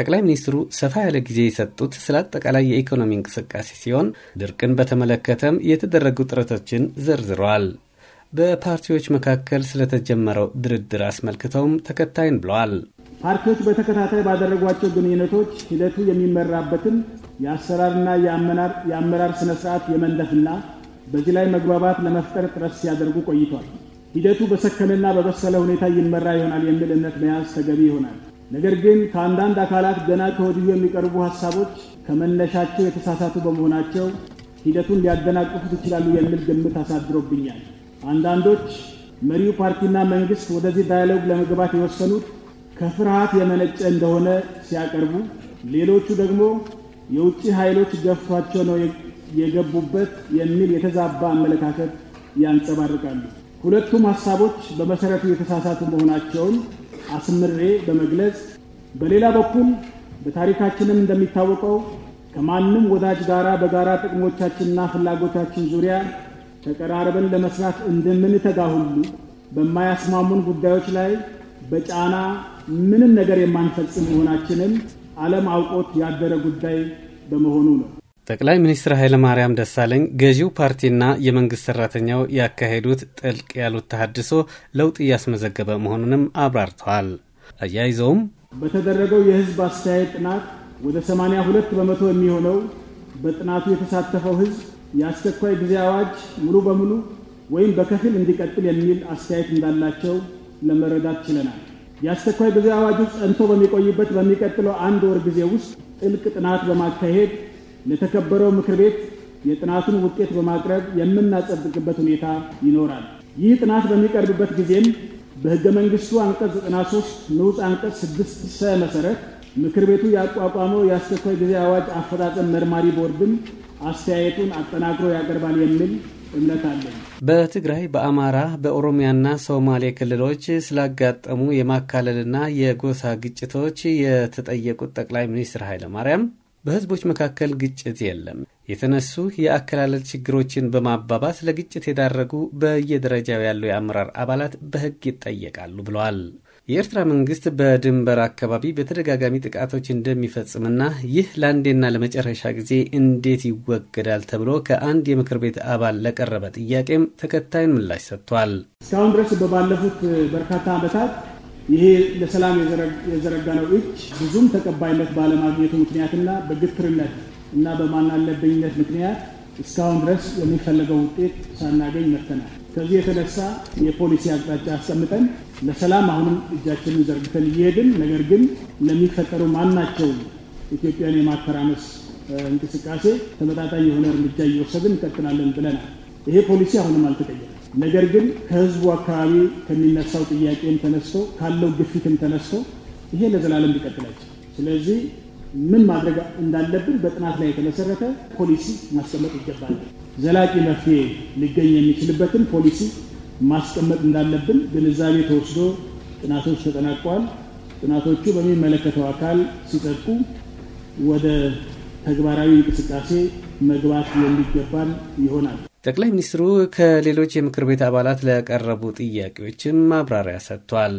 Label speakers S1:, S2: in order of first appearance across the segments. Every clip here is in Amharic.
S1: ጠቅላይ ሚኒስትሩ ሰፋ ያለ ጊዜ የሰጡት ስለ አጠቃላይ የኢኮኖሚ እንቅስቃሴ ሲሆን ድርቅን በተመለከተም የተደረጉ ጥረቶችን ዘርዝረዋል። በፓርቲዎች መካከል ስለተጀመረው ድርድር አስመልክተውም ተከታይን ብለዋል።
S2: ፓርቲዎች በተከታታይ ባደረጓቸው ግንኙነቶች ሂደቱ የሚመራበትን የአሰራርና የአመራር ስነስርዓት የመንደፍና በዚህ ላይ መግባባት ለመፍጠር ጥረት ሲያደርጉ ቆይቷል። ሂደቱ በሰከነና በበሰለ ሁኔታ ይመራ ይሆናል የሚል እምነት መያዝ ተገቢ ይሆናል። ነገር ግን ከአንዳንድ አካላት ገና ከወዲሁ የሚቀርቡ ሀሳቦች ከመነሻቸው የተሳሳቱ በመሆናቸው ሂደቱን ሊያደናቅፉት ይችላሉ የሚል ግምት አሳድሮብኛል። አንዳንዶች መሪው ፓርቲና መንግስት ወደዚህ ዳያሎግ ለመግባት የወሰኑት ከፍርሃት የመነጨ እንደሆነ ሲያቀርቡ፣ ሌሎቹ ደግሞ የውጭ ኃይሎች ገፍቷቸው ነው የገቡበት የሚል የተዛባ አመለካከት ያንጸባርቃሉ። ሁለቱም ሀሳቦች በመሰረቱ የተሳሳቱ መሆናቸውን አስምሬ በመግለጽ በሌላ በኩል በታሪካችንም እንደሚታወቀው ከማንም ወዳጅ ጋራ በጋራ ጥቅሞቻችንና ፍላጎታችን ዙሪያ ተቀራርበን ለመስራት እንደምንተጋ ሁሉ በማያስማሙን ጉዳዮች ላይ በጫና ምንም ነገር የማንፈጽም መሆናችንን ዓለም አውቆት ያደረ ጉዳይ በመሆኑ ነው።
S1: ጠቅላይ ሚኒስትር ኃይለማርያም ደሳለኝ ገዢው ፓርቲና የመንግስት ሰራተኛው ያካሄዱት ጥልቅ ያሉት ተሃድሶ ለውጥ እያስመዘገበ መሆኑንም አብራርተዋል። አያይዘውም
S2: በተደረገው የህዝብ አስተያየት ጥናት ወደ 82 በመቶ የሚሆነው በጥናቱ የተሳተፈው ህዝብ የአስቸኳይ ጊዜ አዋጅ ሙሉ በሙሉ ወይም በከፊል እንዲቀጥል የሚል አስተያየት እንዳላቸው ለመረዳት ችለናል። የአስቸኳይ ጊዜ አዋጁ ጸንቶ በሚቆይበት በሚቀጥለው አንድ ወር ጊዜ ውስጥ ጥልቅ ጥናት በማካሄድ ለተከበረው ምክር ቤት የጥናቱን ውጤት በማቅረብ የምናጸድቅበት ሁኔታ ይኖራል። ይህ ጥናት በሚቀርብበት ጊዜም በሕገ መንግሥቱ አንቀጽ 93 ንዑስ አንቀጽ 6 ሰ መሠረት ምክር ቤቱ ያቋቋመው የአስቸኳይ ጊዜ አዋጅ አፈጻጸም መርማሪ ቦርድም አስተያየቱን አጠናክሮ ያቀርባል የሚል እምነት አለን።
S1: በትግራይ፣ በአማራ፣ በኦሮሚያና ሶማሌ ክልሎች ስላጋጠሙ የማካለልና የጎሳ ግጭቶች የተጠየቁት ጠቅላይ ሚኒስትር ኃይለማርያም በህዝቦች መካከል ግጭት የለም። የተነሱ የአከላለል ችግሮችን በማባባስ ለግጭት የዳረጉ በየደረጃው ያሉ የአመራር አባላት በህግ ይጠየቃሉ ብለዋል። የኤርትራ መንግስት በድንበር አካባቢ በተደጋጋሚ ጥቃቶች እንደሚፈጽምና ይህ ለአንዴና ለመጨረሻ ጊዜ እንዴት ይወገዳል ተብሎ ከአንድ የምክር ቤት አባል ለቀረበ ጥያቄም ተከታዩን ምላሽ ሰጥቷል። እስካሁን ድረስ በባለፉት
S2: በርካታ ዓመታት ይሄ ለሰላም የዘረጋ ነው እጅ ብዙም ተቀባይነት ባለማግኘቱ ምክንያትና በግትርነት እና በማናለብኝነት ምክንያት እስካሁን ድረስ የሚፈለገው ውጤት ሳናገኝ መጥተናል። ከዚህ የተነሳ የፖሊሲ አቅጣጫ አስቀምጠን ለሰላም አሁንም እጃችንን ዘርግተን እየሄድን ነገር ግን ለሚፈጠሩ ማናቸውም ኢትዮጵያን የማተራመስ እንቅስቃሴ ተመጣጣኝ የሆነ እርምጃ እየወሰድን እንቀጥላለን ብለናል። ይሄ ፖሊሲ አሁንም አልተቀየረም። ነገር ግን ከህዝቡ አካባቢ ከሚነሳው ጥያቄም ተነስቶ ካለው ግፊትም ተነስቶ ይሄ ለዘላለም ሊቀጥላቸው፣ ስለዚህ ምን ማድረግ እንዳለብን በጥናት ላይ የተመሰረተ ፖሊሲ ማስቀመጥ ይገባል። ዘላቂ መፍትሄ ሊገኝ የሚችልበትን ፖሊሲ ማስቀመጥ እንዳለብን ግንዛቤ ተወስዶ ጥናቶች ተጠናቀዋል። ጥናቶቹ በሚመለከተው አካል ሲጠቁ ወደ ተግባራዊ እንቅስቃሴ መግባት የሚገባን ይሆናል።
S1: ጠቅላይ ሚኒስትሩ ከሌሎች የምክር ቤት አባላት ለቀረቡ ጥያቄዎችም ማብራሪያ ሰጥቷል።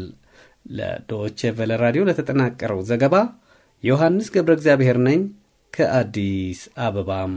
S1: ለዶች ቨለ ራዲዮ ለተጠናቀረው ዘገባ ዮሐንስ ገብረ እግዚአብሔር ነኝ ከአዲስ አበባም